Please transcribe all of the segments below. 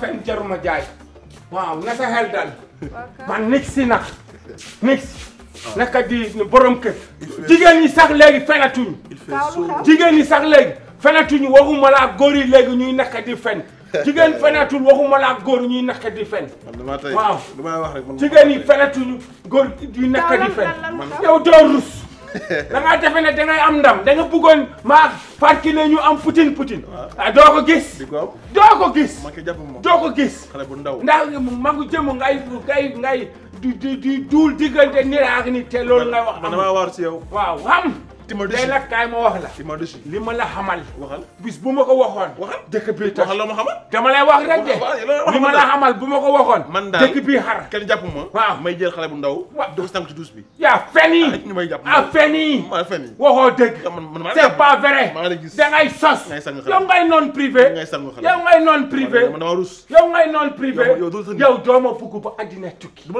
fen jaruma jaay waaw na sa xel dal man si nag nit ah. naka di borom kër jigéen ñi sax léegi fenatuñu jigéen ñi sax léegi fenatuñu waxuma laa góor yi léegi ñuy naka di fen jigéen fenatul waxuma laa góor ñuy naka di fen waaw jigéen yi fenatuñu góor ñuy naka di fen yow doo rus da ngaa defe ne da am ndam da nga bëggoon maa fàttali ne ñu am putin putin. waaw ah. ah, doo ko gis. doo ko gis. ma doo ko gis. xale bu ndaw ndax magu jëm ngay ngay ngay di di di duul diggante nit te loolu ngay wax. am na maa war si yow. waaw am. Timodou Sy nag kaay ma wax la. Timodou Sy li ma la xamal. waxal bis bu ma ko waxoon. waxal dëkk bii tax waxal la ma xamal. dama lay wax rek de li ma la xamal bu ma ko waxoon. man daal dëkk bii xar. kenn jàpp ma waaw may jël xale bu ndaw. waaw dox si tànk ci douche bi. yaa fen yi ah ñu may jàpp ah fen yi. ah fen yi waxoo dëgg. c'est pas vrai da ngay sos. yow ngay non privé. yow ngay non privé. yow ngay non privé. yow doo ma bugg ba àddina tukki.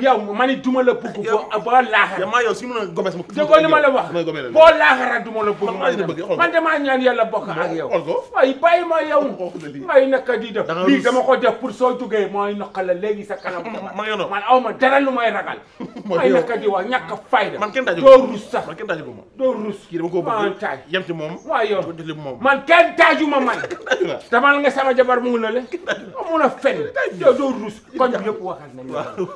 yow ma ni duma la bugg ba laaxal. yow maa yow si ma la gomes ma. déggoo li ma la wax. mel boo laaxara du ma la bëgg man damaa ñaan yàlla bokk ak yow ay bàyyi ma yow may nekk di def lii dama ko def pour soo jógee mooy noqal la léegi sa kanam man aw ma dara lu may ragal may nekk di wax ñàkk fayda doo rus sax doo rus kii dama ko bëgg yem ci moom waaw yow man kenn taaju ma man damal nga sama jabar mu ngi lale mun a fen a doo rus koñ bi yëpp waxal nañ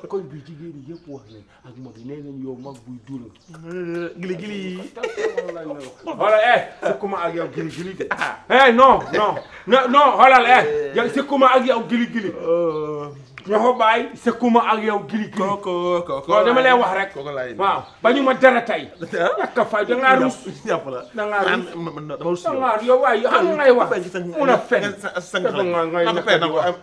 koñ bi jigéen yëpp wax nañ ak mag nee nañ yow mag buy dul gili xoolal eh. sëkkuma ak yow gili gili de. eh non non non xoolal eh. sëkkuma ak yow gili ñoo bàyyi sekkuma ak yow giri giri kooku kooku dama lay wax rek waaw bañu ma da ngaa da ngaa ruus da ngaa yow waay yow xam ngay wax a fen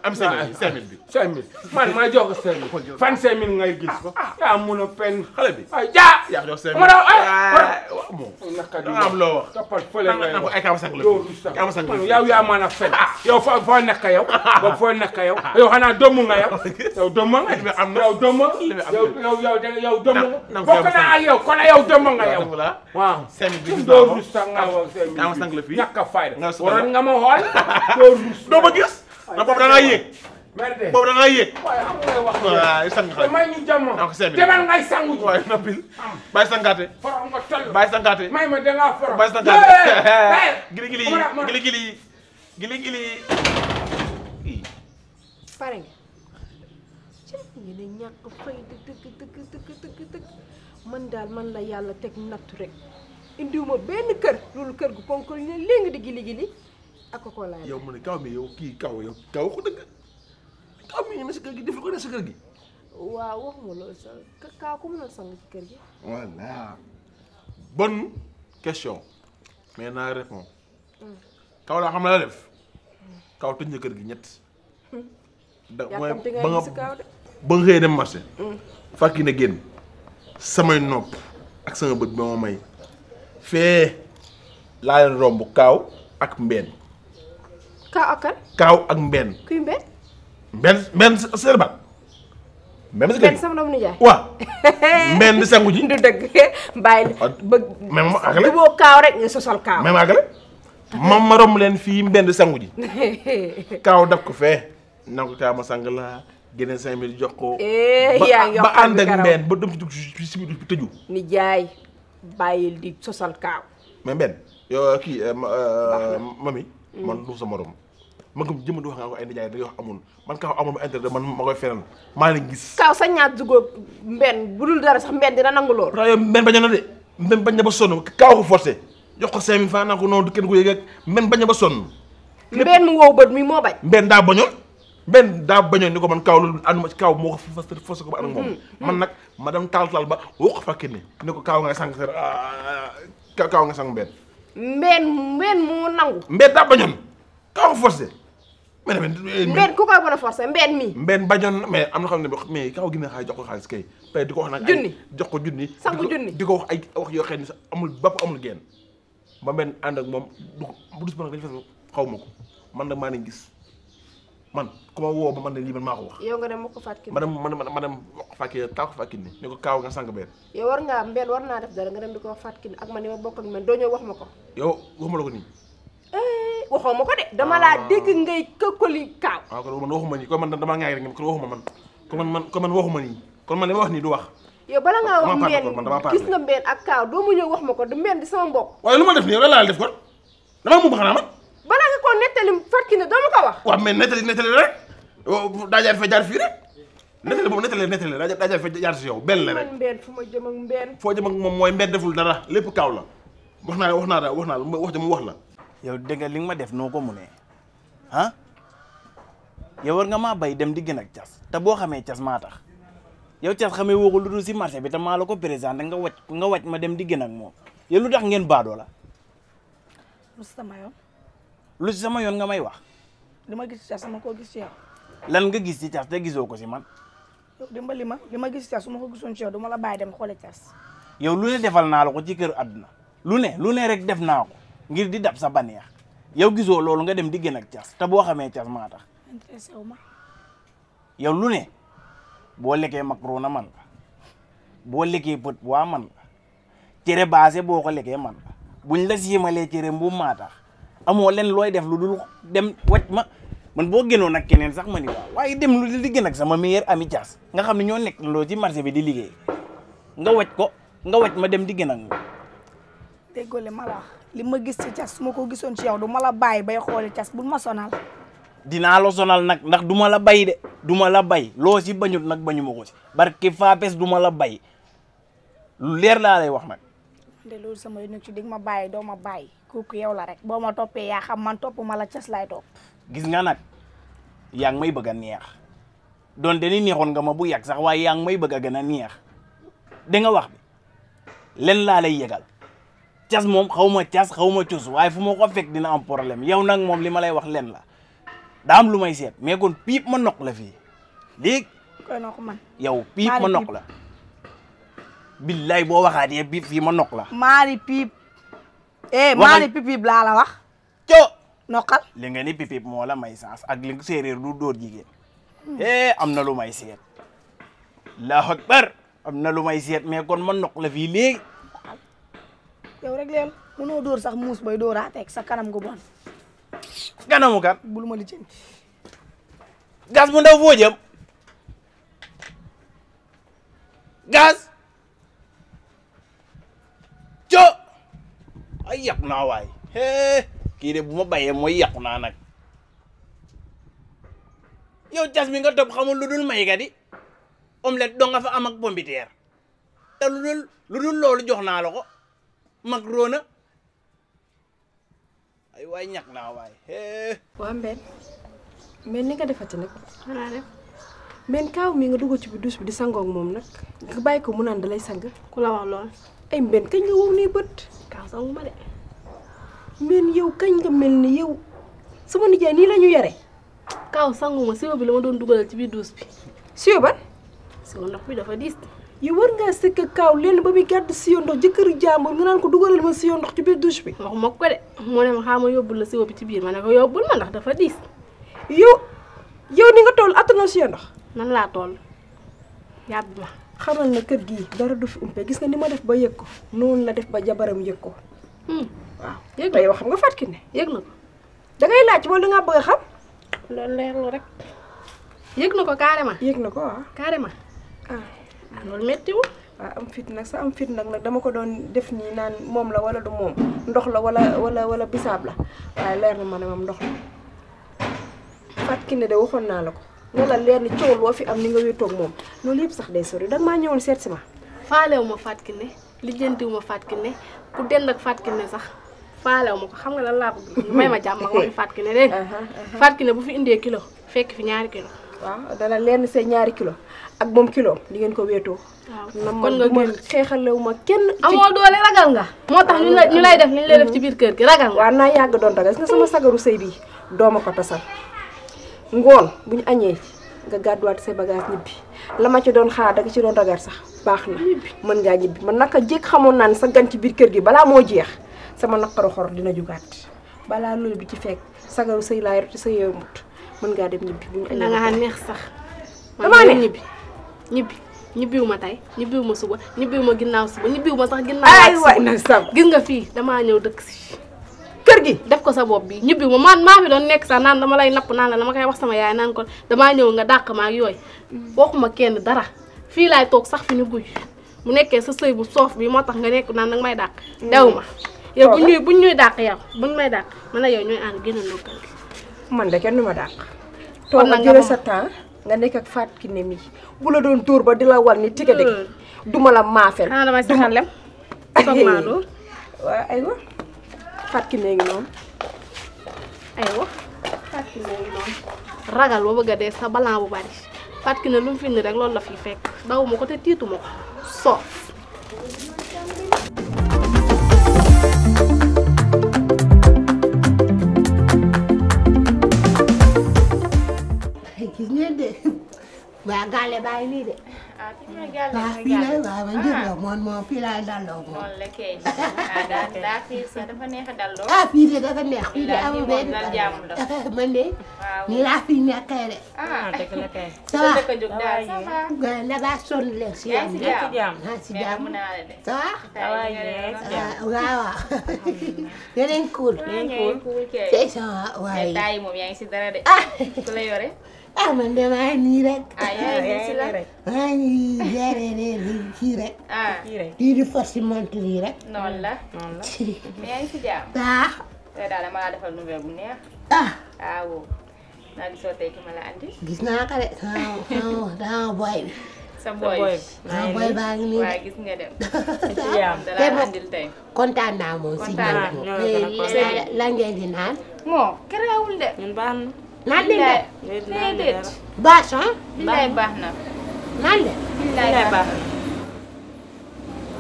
am cinq mille cinq mille bi cinq mille man maa jox cinq mille fan cinq mille ngay gis ko ah, ah. yaa mun a fen xale bi ay jaa yaa jox a doomu nga yow domm nga yow domm nga yow yow yow domm nga bokk naa ak yow kon yow domm nga yow waaw doo rus sax nga waaw seen bi ñàkk a fayda waroon nga ma xool doo rus doo ma gis na boobu da ngaa yéeg merde boobu da ngaa yéeg waaye am ngay wax waaw sang xale may ñu jàmm demal ngay sangu ji waaye noppil bàyyi sangaate forom nga toll bàyyi sangaate may ma da ngaa forom bàyyi sangaate gili gili gili gili gili gili pare nga yéen a ñàkk fay dëkk dëkk dëkk dëkk man daal man la yàlla teg nattu rek indiwuma benn kër loolu kër gu ponkol ne léegi di gili gili ak ko kaw mi yow kii kaw yow kaw ko dëgg kaw mi ne sa def ko ne sa kër gi waaw wax ma loolu sa kaw ku hmm. kaw laa la gi ba nga xëyee dem marché. fàkki na génn samay nopp ak sama bët ba ma may fee laa leen romb kaaw ak mbenn. kaaw ak mbenn. kuy mbenn. mbenn mbenn sër mbenn si kër di sangu ji. ma àggale ma ma romb leen fii mbenn sangu ji. kaaw daf ko fee na ko ma sang laa. génne 5000 jox ko. Eh, ba ànd ak mbenn ba dem ci si biir tëju. ni jaay bàyyil di sosal kaaw. mais mbenn euh, kii euh, euh, mami. Mm. man du sa morom. ma ko jëmm di ko ay nijaay da amul ma intérêt man ma koy feneen maa leen gis. kaaw sa ñaar dugub mbenn bu dul dara sax mbenn dina nangu lool. mbenn bañ na de mbenn bañ na ba sonn kaaw ko forcé jox ko 5000 francs naa ko noonu kenn ko yëg mbenn bañ na ba sonn. mbenn mu wow bët mi moo bañ. mbenn daa bañoon. benn daa bañoon ni ko man kaw loolu ànduma ci kaw moo ko fas fas ko ba ànd ak moom. Mm-hmm. man nag ma dem taal taal ba wax fa kenn ni ko kaw nga sang ah, kaw nga sang mbeen. mbeen mbeen mu nangu. mbeen daa bañoon kaw ko forcé. mais tamit eh, a forcé mbeen mii. mbeen bañoon mais na xam ne mais kaw gi ne xaalis jox ko jox ko junni. di ko wax ay wax yoo sax amul bopp amul genn ba mbeen ànd ak moom du ko xaw ma ko man nag maa gis. man ku ma woo ba man ne lii man maa ko wax. yow nga dem ma ma dem ma dem ma dem ma ko fàkki naa def dara nga dem di ko wax fàkki man ko. yow waxuma la ko nii. Eh, waxoo ma ko de dama laa ah. dégg ngay këkkoli kaaw. waaw ah, kon man waxuma nii kon man damaa ŋaay rek kon waxuma man kon man man kon man waxuma nii kon man wax nii du wax. yow bala ngaa wax mbeen gis nga mbeen ak kaaw doo ma ñëw wax ma ko du mbeen di sama mbokk. waaye lu ma def nii yow lan laa def kon damaa moom xanaa man balaa nga koo nettali fekki ne doo ma ko wax. waaw nettali nettali rek oh, daa jaar fa jaar fii rek nettali boobu nettali nettali daa daa jaar jaar si yow benn la rek. mbeen ma jëm ak jëm ak moom mooy mbeen deful dara lépp kaaw la wax naa wax naa wax naa wax jëm wax na yow dégg nga li nga ma def noo ko mu munee ah yow war nga maa bay dem di gën ak cas te boo xamee cas maa tax yow cas xamee woo ko lu dul si marché bi te maa la ko présenté nga wàcc nga wàcc ma dem di gën ak moom yow lu tax ngeen baadoo la. lu lu sama yoon nga may wax. li ma gis ci sama koo gis ci lan nga gis ci cas te gisoo ko si man. yow ma li ma gis ci cas su ma ko gisoon ci yow du ma la bàyyi dem xoole cas. yow lu ne defal naa la ko ci kër àdduna lu ne lu ne rek def naa ko ngir di dab sa baneex yow gisoo loolu nga dem di gën ak cas te boo xamee cas maa tax. intéressé ma. yow lu ne boo lekkee macaroni man boo lekkee pët waa man cere baase boo ko lekkee man la buñ la siimalee cere mbuum maa tax. amoo leen looy def lu dul dem wacc ma man boo génnoon nag keneen sax ma ni waaye dem lu di liggéey nag sama meilleur ami Thiass nga xam ne ñoo nekk loo ci marché bi di liggéey nga wacc ko nga wacc ma dem di gën ak moom. déggoo li ma li ma gis ci Thiass su ko gisoon ci yow du ma la bàyyi bay xooli Thiass bu ma sonal. dinaa la sonal nag ndax du ma la bay de du ma la bay loo si bañut nag bañu ma ko si barke Fapes du ma la bay leer laa lay wax nag. de loolu sama yoon ci dig ma bàyyi doo ma bàyyi kooku yow la rek boo ma toppee yaa xam man topp ma la cas laay topp. gis nga nag yaa ngi may bëgg a neex doon dañuy neexoon nga ma bu yàgg sax waaye yaa may bëgg a gën a neex da nga wax bi len laa lay yëgal cas moom xaw ma cas xaw ma cus waaye fu ma ko fekk dina am problème yow nag moom li ma lay wax leen la daa am lu may seet mais kon piip ma noq la fii léegi. koy yow piip ma noq la. billaay boo waxaatee biib fii ma noq la. maari piib. eh maari pipiib laa la wax. co noqal. li nga ni pipiib moo la may saas ak li séeréer du dóor jigéen. eh am na lu may seet. allahu akbar am na lu may seet mais kon ma noq la fii léegi. yow rek leen mënoo dóor sax muus bay dóoraateeg sa kanam gu bon. kanamu kan. bul ma lijjanti. gaz bu ndaw foo jëm. yàqu naa waay hee kii de bu ma bayee mooy yàqu naa nag yow cas mi nga topp xamul lu dul may kat yi omelette doo nga fa am ak pombiteer te lu dul loolu jox naa la ko macaroni ay waay ñàkk naa waay hee. waa Mbène Mbène ni nga defati nag. xanaa def. kaaw mi nga dugg ci bi douche bi di sangoo moom nag nga bàyyi ko mu naan dalay sang. ku la wax lool. ay Mbène kañ nga wow nii bët. kaaw sangu de. men yow kañ nga mel ni yow sama nijaay nii la ñu yare kaw sanguma siwo bi la ma doon dugalal ci biir douche bi siwo ban siwo ndox bi dafa diis yow war ngaa sëkk kaaw lenn ba muy gàdd siwo ndox jëkkëru jàmbur nga naan ko dugalal ma siwo ndox ci biir douche bi waxuma ko de moo ne ma xaama yóbbul la siwo bi ci biir ma ne ko yóbbul ma ndax dafa diis yow yow ni nga toll attanoo siwo ndox nan laa toll yàbb ma xamal na kër gii dara du fi umpe gis nga ni ma def ba yëg ko noonu la def ba jabaram yëg ko hmm. waaw yëg la yow xam nga Fatou Kiné yëg na ko dangay laaj wala dangaa na ko carrément. yëg na ko waaw carrément. ah, ah loolu méttiwul. waaw ah, am fit nag sa am fit nag nag dama ko doon def nii naan moom la wala du moom ndox la wala wala wala bisaab la waaye leer na ma ne moom ndox la Fatou Kiné de waxoon naa la ko ne leer ni coow loo fi am ni nga wéetoog moom loolu yëpp sax day sori danga maa ñëwoon seet ma. faalewu ma Fatou Kiné lijjantiwu ma Fatou Kiné ku dend ak Fatou Kiné sax. faalew ma ko xam nga la laa bëgg may ma jàmm ak ki Fatou Kiné dégg uh-huh, uh-huh. Fatou Kiné bu fi indee kilo fekk fi ñaari kilo waaw dana lenn seen ñaari kilo ak moom kilo di ngeen ko weetoo na ma duma xeexalewu ma kenn amoo doole ragal nga moo tax ñu lay ñu lay def li mm-hmm. ci biir kër gi ragal nga waaw naa yàgg doon ragal gis nga sama sagaru sëy bii dooma ko tasal ngoon bu ñu añee nga gàdduwaat say bagage ñibbi la ma ci doon xaar da nga ci doon ragal sax baax na mën ngaa ñibbi man naka jékk xamoon naa ne sa gan ci biir kër gi balaa moo jeex sama naqaru xor dina jugaat balaa loolu bi ci fekk sagaru sëy laay rot sëy yow mut mën ngaa dem ñibbi buñu neex sax damaa ne ñibbi ñibbi ñibbiwu ma tey ñibbiwu ma suba ñibbiwu ma ginnaaw suba ñibbiwu ma sax ginnaaw waay na nga fii damaa ñëw dëkk kër gi def ko sa bopp bi ñibbi ma man maa fi doon nekk sax naan dama lay napp naan dama koy wax sama yaay damaa ñëw nga dàq ma ak yooyu waxuma kenn dara fii laay toog sax fi ñu guy mu nekkee sa sëy soof bi moo tax nga nekk naan nag may dàq dew ma yow buñ ñuy buñ ñuy dàq yow buñ may dàq man ak yow ñooy ànd génnandoo kër gi. man de kenn du ma dàq. kon nag nga sa temps nga nekk ak Fatou Kiné mi bu la doon tóor ba di la wal ni tike dëgg. Hmm. du ma la maafel. xanaa damay saxal lem. soog maa dóor waaw aywa Fatou Kiné ngi noonu. aywa Fatou Kiné ngi noonu. ragal ba bëgg a dee sa balan bu bari Fatou Kiné lu mu fi rek loolu la fi fekk daw ma ko te tiitu ko soof. gis ngeen de waa gàlle bàyyi nii de. ah fi may gàlle waaw fii la waaw dafa neex a dalloo. Eh, eh. ah fii de dafa neex fii laa fi nekkee de. ah dëgg la kay. na ngaa sonn si jàmm. yaa si jàmm ça va. ça va waaw. yeneen kuul. ngi si dara de. la yore. ah man de maa nii rek. ah yaa rek. maa ngi rek. kii la noonu la. mais bu ah gis naa ko de sama sama boy baa ngi nii waaw gis si ñoom. kontaan naan. moo de. na. naan leen de baax ah. billaay na. naan leen. billaay baax na.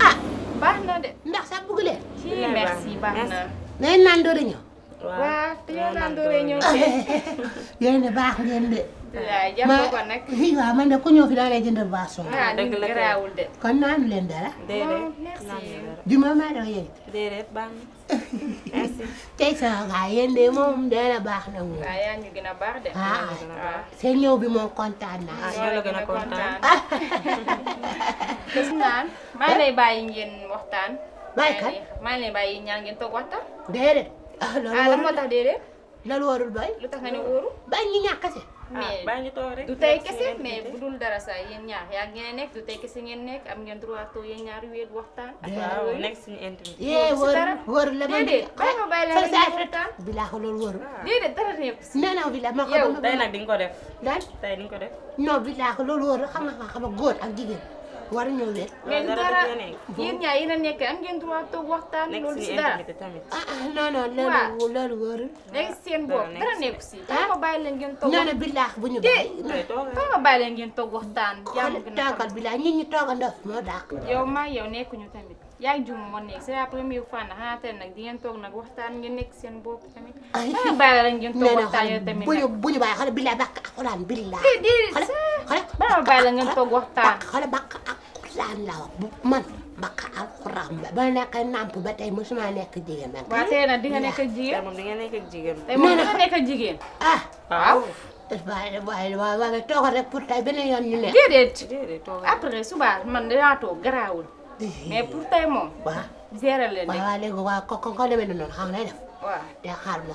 ah. baax na de. ndax sax bëgg leen. ci merci baax na. na ngeen naan doore ñëw. a de. waaw ko nag. fii waaw man de ku ñëw fi daa lay jëndal boisson. waaw dëgg la garaawul de. kon naanu leen dara. déedéet merci. juma maa doon yéen. déedéet baax na. merci. tey sama gars yéen de moom dara baax na moom. waaw yaa ñu gën a baax de. waaw seen ñëw bi moom kontaan naa. ah ñoo la gën a kontaan. gis naan maa lay bàyyi ngeen waxtaan. bàyyi kat maa lay bàyyi ñaan ngeen toog waxtaan. déedéet. ah lan moo tax déedéet. loolu warul bay. lu tax nga ne wóoru. bañ ñu ñàkkase. Ah, mais baa ngi toog rek du tey kese mais bu dul dara sax yéen ñaar yaa ngeen nekk du tey kese ngeen am ngeen droit toog yéen ñaar wéet waxtaan. waaw nekk suñu intimité. yee la man de xaw ma bàyyi la nga waxtaan. bilaa ko loolu wóorul. Ah. déedéet dara nekk si. nee naa bilaa ma ko yow tey nag ko def. lan tey di nga ko def. non bilaa ko góor ak jigéen. war ñoo wér. mais dara yéen ñaa yéen a nekk am ngeen droit toog waxtaan loolu si dara. ah ah non non loolu loolu wóorul. léegi seen bopp dara nekk si. ah ko bàyyi leen ngeen toog. non billaax bu ñu bàyyi. ko bàyyi leen ngeen toog waxtaan. jàmm toogal billaax ñi ñu toogandoo moo dàq. yow maa yow nekkuñu tamit. yaay jum moo nekk c'est la première fois nag xanaa ah, tey nag di ngeen toog nag waxtaan ngeen nekk seen bopp tamit. xanaa bàyyi la ngeen toog waxtaan tamit bu ñu bu ñu bàyyi xale billaay bàkk xale xale bàyyi bàyyi la ngeen toog waxtaan. xale bàkk ak xuraan laa wax bu man bàkk ak xuraan la ba nekk nàmp ba tey mosuma nekk jigéen nag. waaw tey di nga nekk jigéen tey moom di nga nekk jigéen. tey moom di nga nekk jigéen. ah waaw. waaye waaye waaye yoon ñu ne. déedéet déedéet toogal après toog garaawul mais pour tey moom. waaw gérer leen de. waaw léegi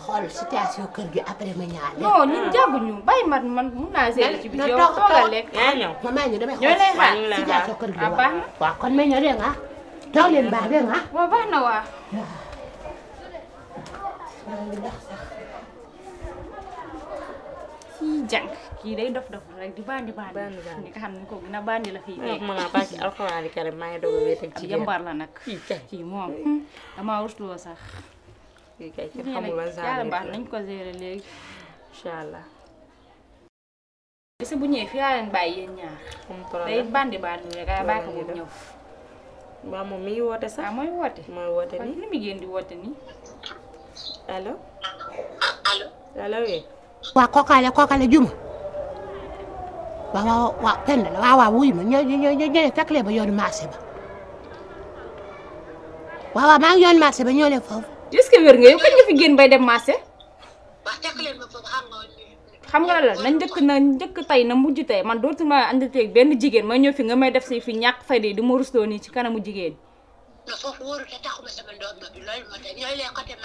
waaw gi après ma ñaar. non ñun ma maa ah, ñu damay xool situation gi waaw waaw kon ma ñëw dégg nga toog leen baax nga. ci jàng kii day dof-dof rek di bandi bandi. bandi bandi nga xam ne ko gën bandi la fii tey. maman bàcc alxuraan ci jàmbaar la nag. kii moom hmm. damaa rusloo sax. kii kay kenn xamul ban saa baax nañ ko gérer léegi. incha allah. gis bu ñëwee fii laa leen bàyyi yéen ñëw. moom mi ngi ah, di woote waa kookaale kookaale juma waaw waaw waaw pen la waaw waaw wuy ma ñoo ñoo ñoo fekk leen ba yoon marché ba waaw waaw maa ngi marché ba ñoo leen foofu. est-ce que wér nga yow kañ nga fi génn bay dem marché. xam nga la na njëkk na njëkk tey na mujj tey man ma dootuma àndateeg benn jigéen ma ñëw fi nga may def si fi ñàkk fay di ma rusloo nii ci kanamu jigéen.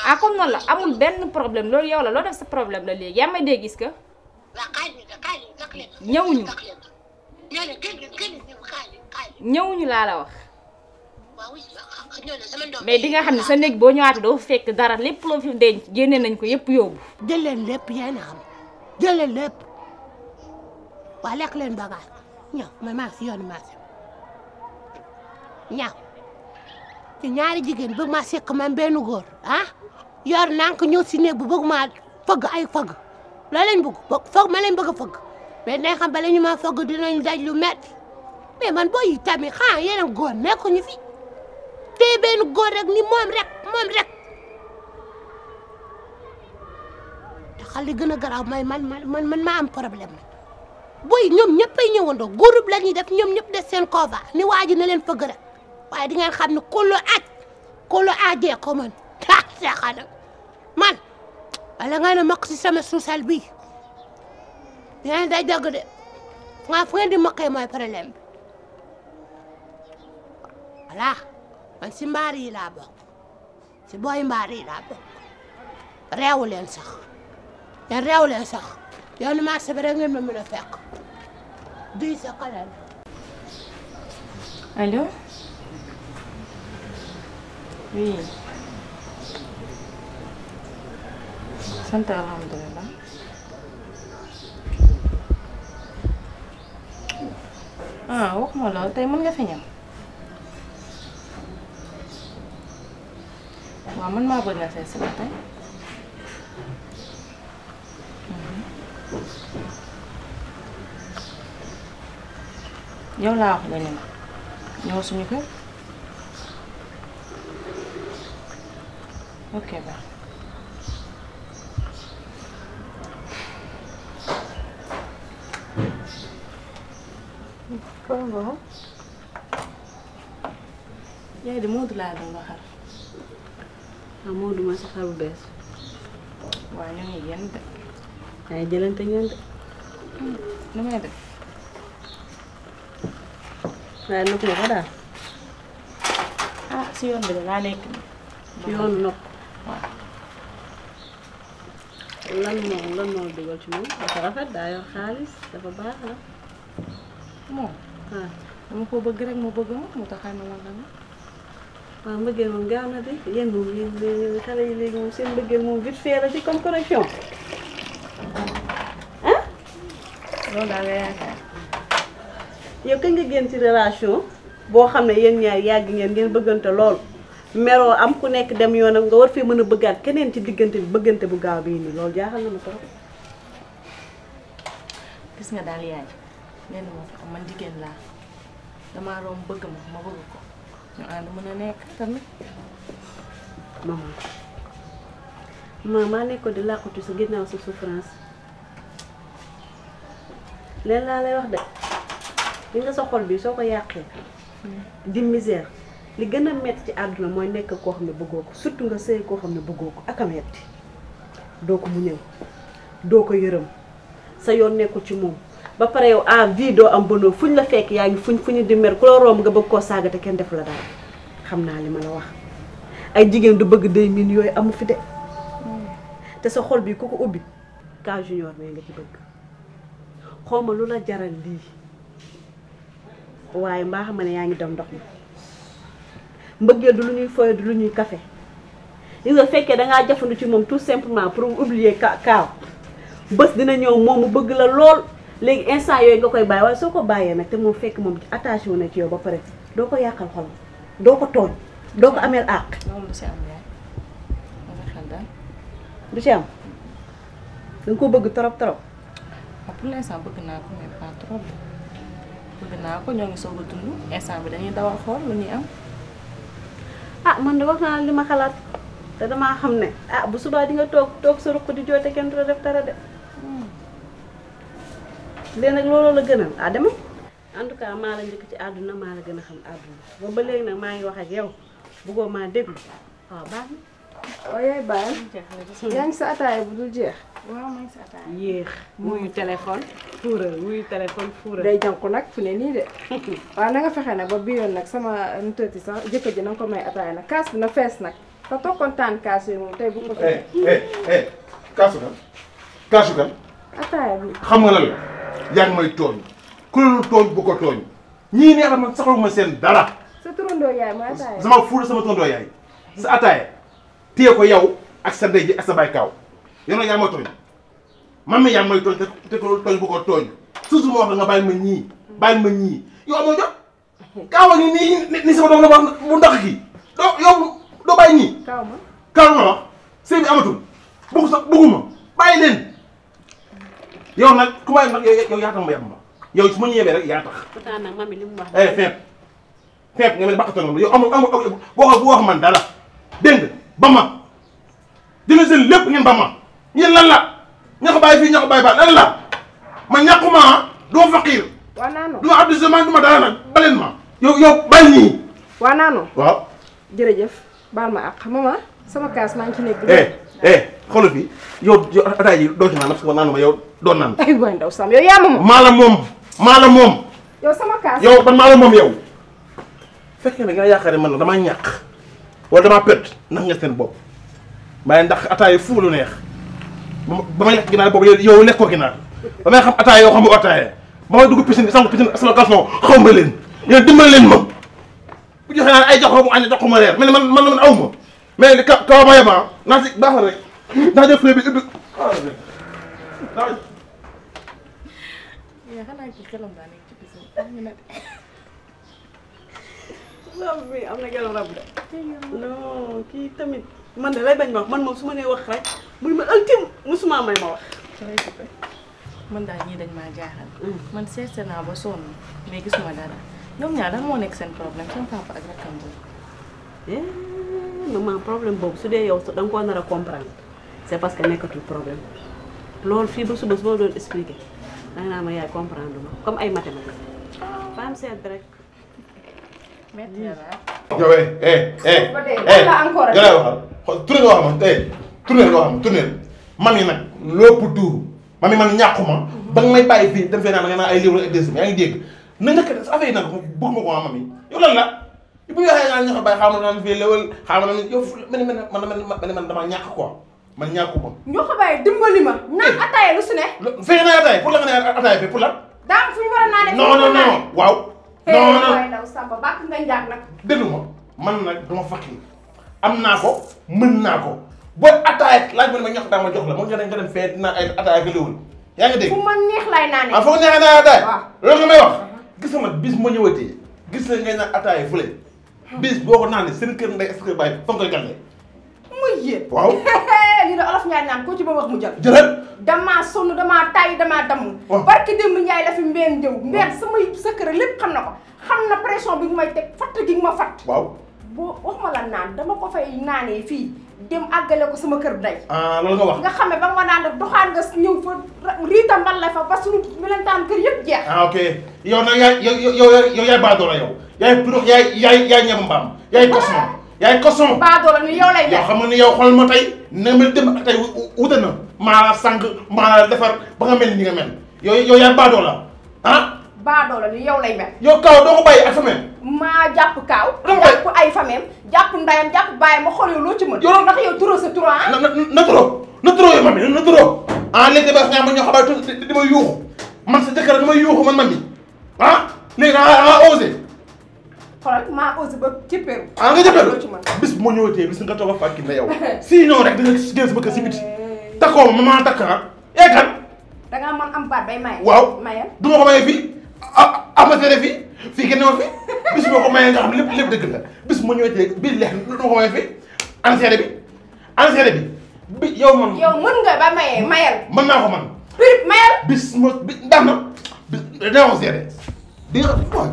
ah comme noonu la amul benn problème loolu yow la loo def sa problème la léegi yaa may dee gis ka ñëwuñu ñëwuñu laa la wax ah, mais di nga xam ne sa néeg boo ñëwaatee doo fekk dara lépp loo fi denc génne nañ ko yépp yóbbu. jël lépp yéen a xam jël leen lépp waa lekk leen bagage ñaaw man maa ngi si yoonu marché ci ñaari jigéen bëgg maa seq man benn góor ah yor nànk ñëw si néeg bu bëgg maa fëgg ay fëgg la leen bëgg foog ma leen bëgg a fëgg mais day xam bala ñu ma fëgg dina daj lu metti mais man booy yi tamit xanaa yeneen góor nekkuñu fi tey benn góor rek ni moom rek moom rek te xal li gën a garaaw may man man man maa am problème booy ñoom ñëppay ñëwandoo góorub la ñuy def ñoom ñëpp def seen kooba ni waa ji na leen fëgg waaye di ngeen xam ne kullu aj kullu aajee ko man ah seexana man wala nga ne mokk sama suusal bii di ngeen day dagg de nga fu ngeen di mokkee mooy problème bi voilà man si mbaar yi laa bokk si booy mbaar yi laa bokk réewu leen sax yéen réewu leen sax yoonu ngeen ma mën a fekk duy sa kanam oui. sant alhamdulilah. ah wax ma lool tey mën nga fi man maa bëgg nga fees la tey. Mhm. yow laa wax nga ni ma ok baax na. yaay de laa doon waxal. ah Moodu ma sa xar bu bees. waaw ñu ngi yéen de. waaye jëlante ngeen de. Hmm, def. waaye nopp nga ko daal. ah si yoon bi de laa nekk nii. si yoonu nopp. lan moo lan moo dugal ci moom dafa rafet daa xaalis dafa baax ah. moom. waaw dama ko bëgg rek ma bëgg ma mu taxaw ma woon dama. waaw ah, mbëggeel moom gaaw na de yéen moom yéen xale yi léegi moom seen mbëggeel moom vite fait la ci comme connexion. ah. loolu daal nga yaakaar. yow kañ nga génn ci relation boo xam ne yéen ñaar yàgg ngeen ngeen bëggante lool. meroo am ku nekk dem yoonam nga war fee mën a bëggaat keneen ci diggante bi bëggante bu gaaw bii nii loolu jaaxal na ma trop. gis nga daal yaay lenn moo fi am man jigéen laa damaa romb bëgg ma ma bëgg ko ñu ànd nekk tamit. maman maman maa nekkoon di làqutu sa ginnaaw sa souffrance leen laa lay wax de li nga sa xol bi soo ko yàqee di misère. li gën a métti ci àdduna mooy nekk koo xam ne bëggoo ko surtout nga sëy koo xam ne bëggoo ko ak a metti doo ko muñal doo ko yërëm sa yoon nekkul ci moom ba pare yow à ah, vie doo am bonheur fuñ la fekk yaa ngi fuñ fuñu di mer ku la romb nga bëgg koo saaga te kenn def la daal xam naa li ma la wax ay jigéen du bëgg day miin yooyu amu fi de te sa xol bi ku ko ubbi Ka Junior mais nga ci bëgg xaw ma lu la jaral lii waaye mbaa xam ne yaa ngi dem ndox mi. mbëggeel du lu ñuy foye du lu ñuy kafe li nga fekkee dangaa jafandu ci moom tout simplement pour oublier kaaw bës dina ñëw moom mu bëgg la lool léegi instant yooyu nga koy bàyyi waaye soo ko bàyyee nag te moom fekk moom attaché wu na ci yow ba pare doo ko yàqal xolam doo ko tooñ doo ko ameel àq. loolu du si am yaay du ci am da ko bëgg trop trop. waaw ah, pour l'instant bëgg naa ko ñoo ngi soog a dund instant bi dañuy dawal xool lu ñuy am. ah man de wax naa li ma xalaat te damaa xam ne ah bu subaa di nga toog toog sa ruq di joote kenn du la def dara de léegi nag looloo la gënal ah demal en tout cas maa la njëkk ci àdduna maa la gën a xam àdduna ba ba léegi nag maa ngi wax ak yow bëggoo maa déglu waaw ah, baax na. waaw oh, yaay bàyyi yaa ngi sa ataaya bu dul jeex. waaw mooy sa taal yéex. mu téléphone. fuural téléphone fuural. day jànku nag fu ne nii de. waaw na fexe nag ba bii yoon nag sama nu tëdd sax jëkkër ji na ko may ataaya nag kaas na fees nag te tokkoon taan kaas yooyu moom eh, eh, eh, kaasu kan kaasu kan. ataaya bi xam nga lan la. yaa ngi may tooñ. ku lu tooñ bu ko tooñ. ñii nee na man saxaluma seen dara. sa turandoo yaay ma ataaya. sama fuural sama turandoo yaay. sa ataaya téye ko yow ak sa ndey ak sa baykaaw. yow nag yaa ma tooñ man mi yaa may tooñ te tooñ bu ko tooñ ma wax la nga bàyyi ma ñii bàyyi ma ñii yow amoo jot kaawa ni nii nii sama doom gi doo yow doo ma kaaw ma wax sa bëgguma bàyyi leen yow nag ku may nag yow yaa tax ma yàpp ma yow su ma ñu yebee rek yaa tax. pourtant nag eh, nga mel bàqatoon moom yow amul amul boo ko man dara dégg nga ba ma dina seen lépp yéen lan la ñax bàyyi fii ñax bàyyi ba lan la man ñàkkuma ah doo faqiir. waaw naanu du ma Abdou Zaman du ma dara nag baleen ma. yow yow bàyyi nii. waaw naanu. waaw. jërëjëf baal ma àq mama sama kaas maa ngi ci nekk. eh eh xoolal fii yow yow ataay doo naan yow doon naan. ay waay ndaw Sam yow yaa ma moom. maa la moom maa la moom. yow sama kaas yow ban maa la moom yow. fekkee ne nga yaakaar ne man la damaa ñàkk wala damaa perte ndax nga seen bopp waaye ndax ataay fu lu neex. ba may lekk ginaar boobu yow lekkoo ginaar ba may xam ataaya yoo xam nga ataaya ba may dugg piscine sangu piscine sama garçon ma leen yéen dimbali leen ma bu joxe naan ay jox ko mu añ jox ma reer mais man man man ma mais li ka kaw ma yema naa si baax na rek naa jël fleur bi ubbi loolu a rab de kii tamit man de lay bañ ma man moom su ma nee wax muy ma ultime musuma may ma wax. man daal ñii dañ maa jaaxal. Mm. man seet naa ba sonn mais gisuma dara ñoom ñaar lan moo nekk seen problème seen papa eh, problème boobu su dee yow da nga koo nar comprendre c' parce que nekkatul problème loolu fii ba suba boo doon expliqué da naa ma yaay comprendre ma comme ay mathématiques. Ah. faam seet rek. métti na la. yow eh eh eh. ba tey eh, wax la encore eh. tournel loo xam tournel mami nag lépp tuuru mami man ñàkkuma mhm. ba nga may bàyyi fii dem fee naa nga naan ay livre ak des yaa ngi dégg na njëkk affaire yi nag bëgg ma ko ah mami yow lan la bu ñu waxee naan ñax bay xaaral naan fii léwal xaaral naan yow man man man man damaa ñàkk quoi man ñàkku ko. ñoo ko bàyyi eh. a naanee. am naa ko mën naa ko. booy attaaya laaj man ma ñax daa ma jox la moo nga dem nga dem fee dinaa ay attaaya yaa ngi dégg fu ma neex lay naanee ah fu ma neex may wax uh-huh. gis nga bis ma ñëwatee gis la ngay naan attaaya fule uh-huh. bis boo ko naanee seen kër nday est-ce que bàyyi fa nga koy gàllee muy yéen waaw lii de olof ñaay naan ko ci ba wax mu jël jëlal damaa sonn damaa tay damaa damm barki démb Njaay la fi mbeen njëw mbeen samay sa kër lépp xam na ko xam na pression bi nga may teg fatt gi nga ma fatt waaw boo wax ma la ko fay naanee fii dem àggale ko sama kër day ah loolu nga wax. nga xam ne ba nga ma naan def doxaan nga ñëw fa riita mbal fa ba suñu melentaan kër yëpp jeex. Ah, ok yow nag yaay yow yow yow yaay yow. Ah. yow lay ni yow xool ma tey na mel dem ak tey wute na maa sànq defar ba nga mel ni nga mel yow yow yaay baadoola ah. baadoola ni yow lay mel. yow Kaaw doo ko bàyyi ak famille. maa jàpp Kaaw. jàpp ay famille jàpp ndayam jàpp bàyyi ma xool yow loo ci mën. yow ndax yow turoo sa turoo ah. na na na turoo na turoo yow mami na turoo ah léegi ba xam ne ñoo xamal tuuti di ma yuuxu man sa jëkkër dama yuuxu man mami ah léegi da nga osé. xoolal maa osé ba jëppeeru. ah nga jëppeeru bis bu ma ñëwatee bis nga toog a fàkki na yow. sinon rek da nga gis sama kër si biti. takkoo ma ma takk ah. Eh, da ngaa mën am baat bay maye. waaw maye du ma ko maye fii ah amatéré ah, fii fii kenn ma fi bis boo ko mayee nga xam lépp lépp dëgg la bis mu ñëwee ci biir leex lu ma ko mayee fii bi ancéré bi bi yow man. yow mën nga ba naa ko man. prix mayal. bis ma bi ndax na bis dina ko seede di nga xam quoi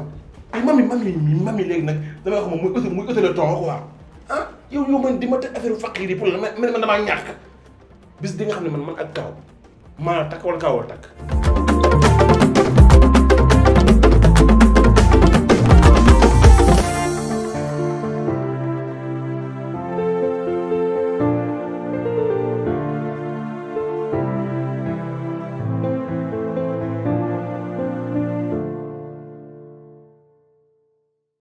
ay mami mami mami nag damay xam muy ëtt muy ëtt le temps ah, yow yow man di ma teg affaire faqiir yi pour la man man damaa ñàkk bis di xam ne man man ak kaw maa takk wala kaw wala takk.